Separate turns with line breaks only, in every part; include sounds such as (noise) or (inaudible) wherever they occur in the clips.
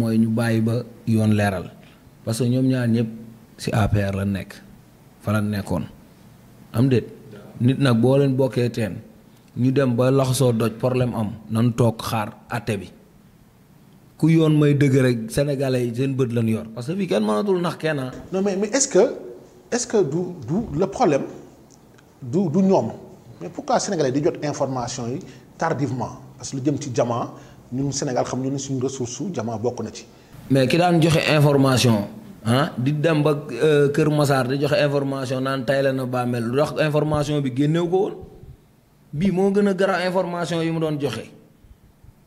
mooy ñu bàyyi ba yoon leeral parce que ñoom ñaar ñëpp ci APR la nekk fa la nekkoon am de nit nag boo leen bokkee teen ñu dem ba laxasoo doj problème am nanu toog xaar ate bi ku yoon may dëgg rek sénégalais yi seen bët lañ yor parce que fii kenn mënatul nax kenn ah. no mais mais est-ce que est-ce que du du le problème du du ñoom mais pourquoi sénégalais di jot information yi tardivement parce lu jëm ci jamaa mu Sénégal xam ñu ne suñu ressource jamaa bokk na ci. mais ki daan joxe information ah di dem ba euh, Kër Massar di joxe information naan tay la na bàmmeel lu tax information bi génnew ko woon bii moo gën a garaaw information yi mu doon joxe.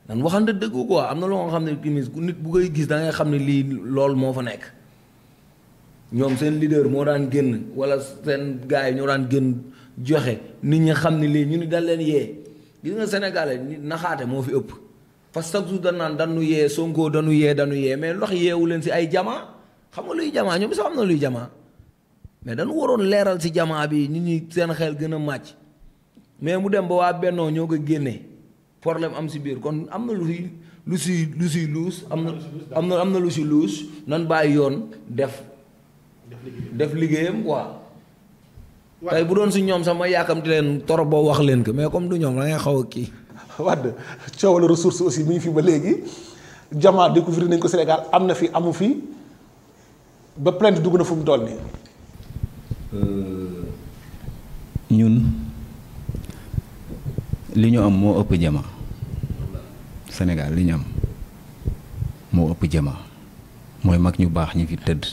nan waxante dëgg quoi am na loo nga xam ne nit bu koy gis da ngay xam ne lii lool moo fa nekk ñoom seen leader moo daan génn wala seen gars yi ñoo daan génn joxe nit ñi xam ne lii ñu ni dal leen yee gis nga Sénégalais moo fi ëpp. parce que chaque jour naan dañu yee Sonko dañu yee danu yee mais lox yeewu leen si ay jamaa xam nga luy jamaa ñoom sax am na luy jamaa mais dañu waroon leeral si jamaa bi nit ñi seen xel gën a màcc mais mu dem ba waa bennoo ñoo ko génne problème am si biir kon am na lu si lu si lu si luus am am na lu si luus nan bàyyi yoon def def liggéeyam waa tey bu doon si ñoom sama yaakamti leen torop boo wax leen ko mais comme du ñoom da ngay xaw a kii (laughs) Wade coowal ressource aussi mi ngi fi ba léegi jamaa découvrir nañ ko Sénégal am na fi amu fi ba plainte dugg na fu dool ni
euh, ñun li ñu am moo ëpp jamaa Sénégal li ñu am moo ëpp jamaa mooy mag ñu baax ñu fi tëdd.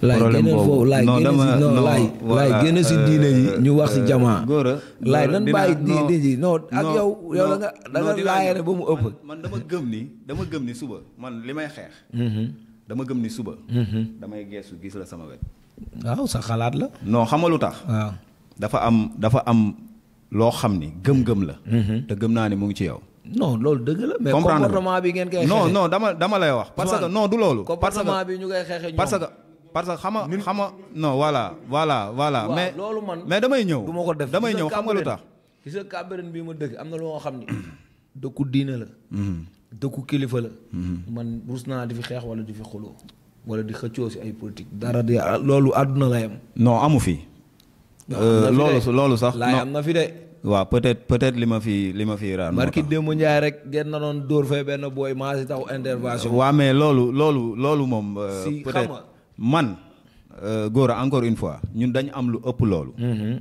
problème boobu laay génne foofu laay laay génne si euh, diine yi ñu wax si euh, jamaa. a laay nan bàyyi diine yi non ak yow. yow da nga da nga ba mu ëpp. man
dama gëm ni dama gëm ni suba man li may xeex. Mhm. dama gëm ni suba. Mhm. damay geesu gis la sama wet. waaw sa xalaat la. non xam lu tax. waaw dafa am dafa am loo xam ni gëm-gëm la. Mhm. te gëm naa ni mu ngi ci yow.
non loolu dëgg la. mais comportement bi ngeen koy xeexee non
non dama dama lay wax. parce que du loolu.
parce que parce que xama xama
non voilà voilà voilà. mais loolu man mais damay ñëw. du ma ko def damay ñëw xam nga lu tax.
gis nga Cambérène bii ma dëkk am na loo xam ni. dëkku diina la. Mhm. dëkku kilifa la. Mhm. man rus naa di fi xeex wala di fi xuloo wala di xëccoo si ay politique dara di loolu àdduna la yam non amu fi. Euh, loolu loolu sax. laay am na fi de.
waaw peut-être peut-être li ma fi li ma fi raan. barki démb
Njaay rek ngeen na doon dóor fee benn booy maa si taxu intervention. waa
mais loolu loolu loolu moom. Euh, man euh, góor a encore une fois ñun dañ am lu ëpp loolu. Mm-hmm.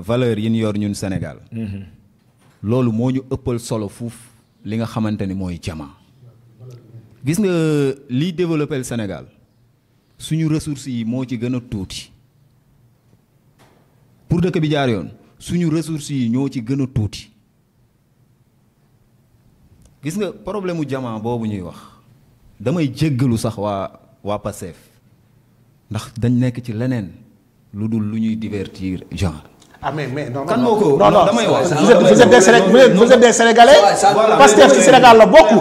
valeur yi ñu yor ñun Sénégal. Mm-hmm. loolu moo ñu ëppal solo fuuf li nga xamante ni mooy jamaa. gis nga liy développé le Sénégal suñu ressources yi moo ci gën a tuuti pour dëkk bi jaar yoon suñu ressources yi ñoo ci gën a tuuti gis nga problème mu jamaa boobu ñuy wax damay jéggalu sax waa waa Pastef ndax dañ nekk ci leneen lu dul lu ñuy divertir genre.
ah mais mais non kan moo ko. non non damay wax vous êtes des Sénégalais vous êtes des Sénégalais. Pastef ci Sénégal la bokk.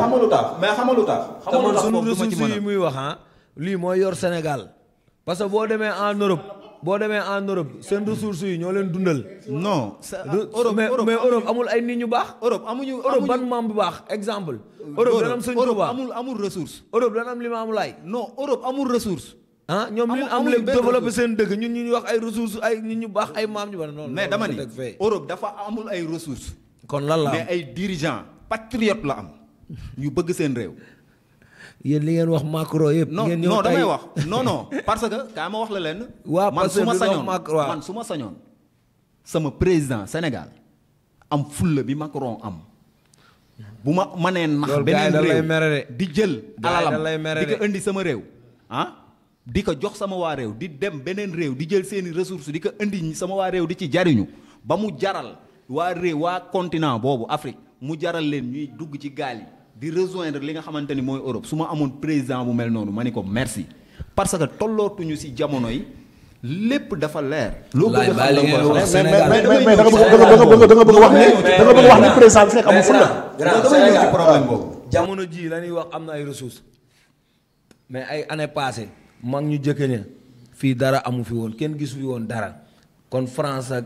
mais xamal lu tax xamal lu tax sunu ressources yi muy wax ah. lii mooy yor Sénégal parce que boo demee en Europe. boo demee en Europe seen ressources yi ñoo leen dundal. non Europe mais Europe amul ay nit ñu baax. Europe amuñu Europe ban maam bu baax exemple. Euh, Europe dana am seen Europe amul amul ressource. Europe dana am li ma amul ay. non Europe amul ressource. ah ñoom ñu am léegi seen dëkk ñun ñu wax ay ressources ay ñun ñu baax ay maam ñu ba noonu. mais dama ni Europe dafa amul ay ressources.
kon lan la mais ay dirigeants
patriotes la am
ñu bëgg seen réew.
yéen li ngeen wax Macron yëpp. ngeen ñëw non wax non
parce que kaa ma wax la lenn. (laughs) waaw parce que man su ma sañoon man su sama président Sénégal am fulla bi Macron am. bu ma mënee nax beneen réew
di jël. alalam di ko
indi sama réew ah. di ko jox sama waa réew di dem beneen réew di jël seeni ressource di ko indi sama waa réew di ci jariñu ba mu jaral waa réew waa continent boobu Afrique mu jaral leen ñuy dugg ci gaal yi di rejoindre li nga xamante ni mooy Europe su ma amoon président bu mel noonu ma ni ko merci parce que tollootuñu si jamono yi lépp dafa leer. loo bëgg Sénégal mais mais da bëgg da bëgg wax ne da nga bëgg wax ne président bi nekk amul problème boobu.
jamono jii la wax am na ay ressources mais ay années passées. mag ñu jëkke fii dara amu fi woon kenn gisu fi woon dara kon France ak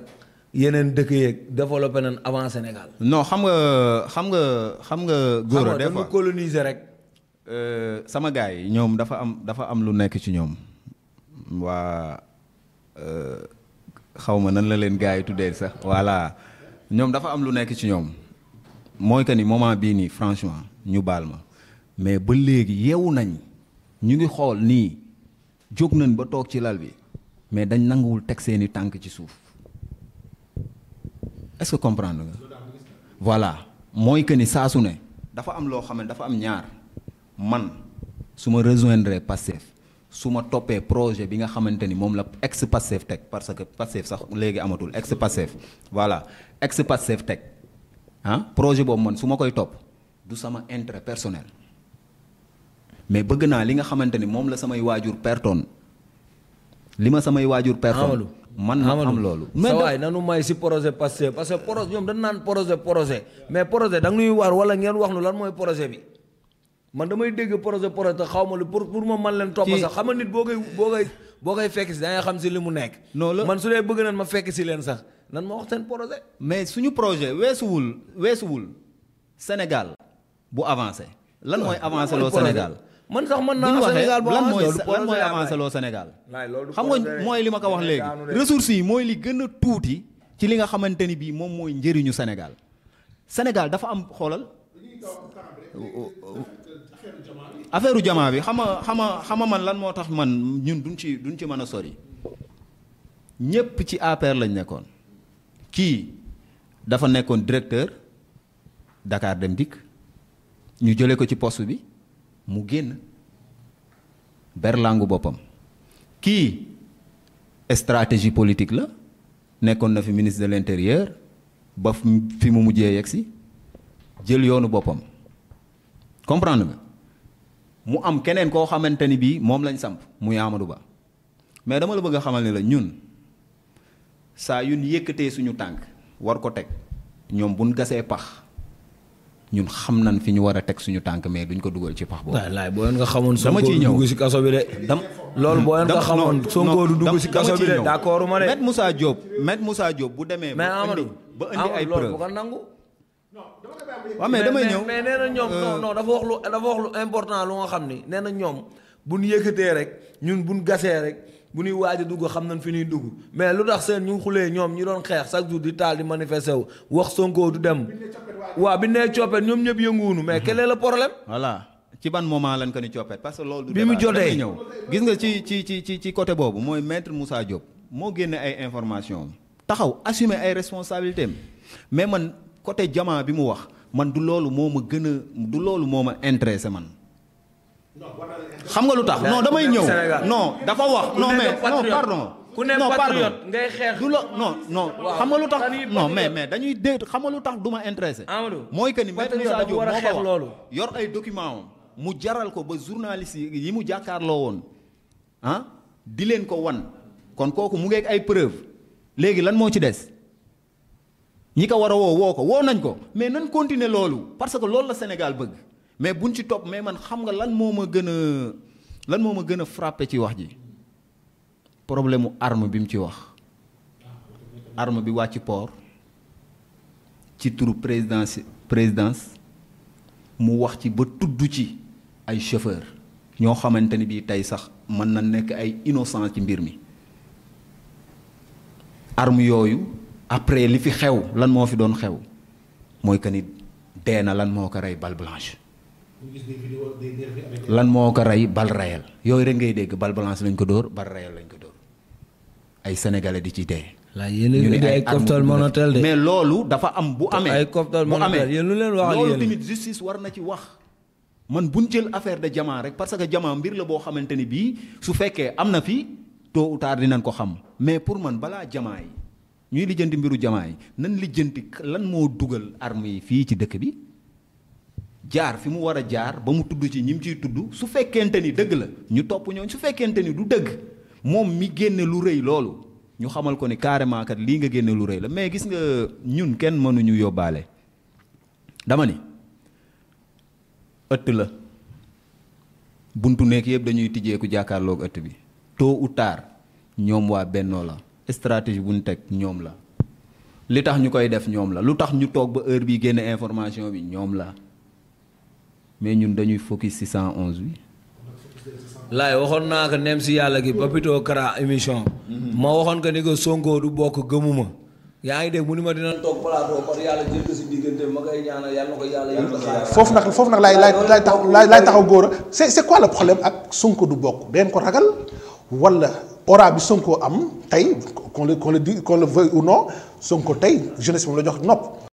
yeneen dëkk yeeg développé nañ avant Sénégal.
non xam nga xam nga xam nga. góor a
des euh, sama gars yi
ñoom dafa am dafa am lu nekk ci ñoom waa euh, xaw ma nan la leen gars yi tuddee sax. voilà ñoom dafa am lu nekk ci ñoom mooy que ni moment bii nii franchement ñu baal ma mais ba léegi yeewu nañ ñu ngi xool nii. jóg nañ ba toog ci lal bi mais dañ nanguwul teg seeni tànk ci suuf est-ce que comprendre nga. voilà mooy que ni saa su ne. dafa am loo xam ne dafa am ñaar man su ma rejoindre Pastef su ma toppee projet bi nga xamante ni moom la ex Pastef teg parce que Pastef sax léegi amatul ex Pastef voilà ex Pastef teg ah projet boobu man su ma koy topp du sama intérêt personnel. mais bëgg naa li nga xamante ni moom la samay waajur pertoon li ma samay waajur pertoon man na am loolu mais waay
nanu may si projet passé parce que projet ñoom dañ naan projet projet mais projet da nga ñuy waar wala ngeen wax nu lan mooy projet bi man damay dégg projet projet xaw ma lu pour pour ma man leen topp sax xam nga nit boo koy boo boo koy fekk si da xam si li mu nekk noonu la man su dee bëgg nan ma fekk si leen sax nan ma wax seen projet mais suñu projet weesuwul weesuwul Sénégal bu avancé
lan mooy avancé loo Sénégal
man sax man naa Sénégal bu lan mooy lan mooy avancé loo Sénégal xam nga mooy li ma ko wax léegi ressources
yi mooy li gën a tuuti ci li nga xamante ni bii moom mooy njariñu Sénégal Sénégal dafa am xoolal
affaire jamaa bi xam nga xam nga xam man lan
moo tax man ñun duñ ci duñ ci mën a sori ñépp ci APR lañ nekkoon kii dafa nekkoon directeur Dakar Dem Dikk ñu jële ko ci post bi mu génn berlangu boppam kii stratégie politique la nekkoon na fi ministre de l'intérieur ba fi mu mujjee yegsi jël yoonu boppam comprendre nga mu am keneen koo xamante ni bii moom lañ samp muy Amadou Ba mais dama la bëgg a xamal ne la ñun saa yu ñu yëkkatee suñu tànk war ko teg ñoom buñ gasee pax ñun xam nañ fi ñu war a teg suñu tànk mais duñ ko dugal ci pax boobu. wallaay
boo nga xamoon. dama ciy ñëw dugg si kaso bi de. dam loolu boo nga xamoon Sonko du dugg si kaso bi de
d'accord ma de. Maître Moussa Diop Maître Moussa Diop bu demee. ba
indi ay lool bu ko nangu. waaw mais damay ñëw mais nee na ñoom euh. non dafa wax lu dafa wax lu important lu nga xam ni nee na ñoom bu ñu yëkkatee rek ñun bu ñu gasee rek. bu ñuy waaj a dugg xam nañ fi ñuy dugg mais lu tax seen ñu xulee ñoom ñi doon xeex chaque jour di taal di manifester wu wax Sonko du dem. waaw bi nee coppet ñoom ñëpp yënguwunu mais mhm. quel la le problème. voilà ci ban moment lañ ko ni coppet parce que loolu. bi mu jotee ñëw gis nga ci ci ci ci
ci côté boobu mooy maître Moussa Diop. moo génne ay information taxaw assumer ay responsabilités mais man côté jamaa bi mu wax man du loolu moo ma gën a du loolu moo ma intéressé man. xam nga lu tax non damay ñëw non dafa wax non mais non pardon. ku ne patriote
ngay xeex du la non non. xam nga lu tax non mais mais
dañuy dégg xam nga lu tax du ma intéressé. mooy que ni maître Moussa Diop moo ko wax yor ay documents mu jaral ko ba journaliste yi mu jàkkaarloo woon ah di leen ko wan kon kooku mu ngeeg ay preuve léegi lan moo ci des. ñi ko war a woo woo ko woo nañ ko mais nañ continuer loolu parce que loolu la Sénégal bëgg. mais buñ ci topp mais man xam nga lan moo ma gën a lan moo ma gën a frappé ci wax ji problème mu arme bi mu ci wax arme bi wàcc port ci turu présidence présidence mu wax ci ba tudd ci ay chauffeur ñoo xamante ni bii tey sax mën na nekk ay innocent ci mbir mi arme yooyu après li fi xew lan moo fi doon xew mooy que ni dee na lan moo ko rey balle lan moo ko rey bal rayal yooyu rek ngay dégg bal balance lañ ko dóor bal rayal lañ ko dóor ay sénégalais di ci dee. la yéen a ngi ay cocktail Monatel de. mais loolu dafa am bu amee. ay cocktail Monatel yéen lu leen wax ak yéen loolu justice war na ci wax. man buñ jël affaire de jamaa rek parce que jamaa mbir la boo xamante ni bii su fekkee am na fi tôt ou tard dinañ ko xam mais pour man balaa jamaa yi ñuy lijjanti mbiru jamaa yi nan lijjanti lan moo dugal armes yi fii ci dëkk bi. jaar fi mu war a jaar ba mu tudd ci ñi ciy tudd su fekkente ni dëgg la ñu topp ñooñ su fekkente ni du dëgg moom mi génne lu rëy loolu ñu xamal ko ni carrément kat lii nga génne lu rëy la mais gis nga ñun kenn mënuñu yóbbaale dama ni ëtt la buntu nekk yëpp dañuy tijjeeku jàkkaarloog ëtt bi tôt ou tard ñoom waa bennoo la stratégie bu ñu teg ñoom la li tax ñu koy def ñoom la lu tax ñu toog ba heure bii génne information bi ñoom la mais ñun dañuy focus ci 111 bi.
laay waxoon naa ko nem si yàlla gi Papito Kara émission. Mhm. ma waxoon ko ni ko Sonko du bokk gëmuma yaa ngi dégg mu ni ma dina toog plateau par yàlla jël ko si diggante ma koy ñaanal yàlla ko yàlla yëngal. foofu nag foofu nag laay laay taxaw laay taxaw góor a c'est c'est quoi le problème ak Sonko du bokk deen ko ragal wala aura bi Sonko am tey qu'on le qu'on le dit qu'on le veuille ou non Sonko tey jeunesse moom la jox nopp.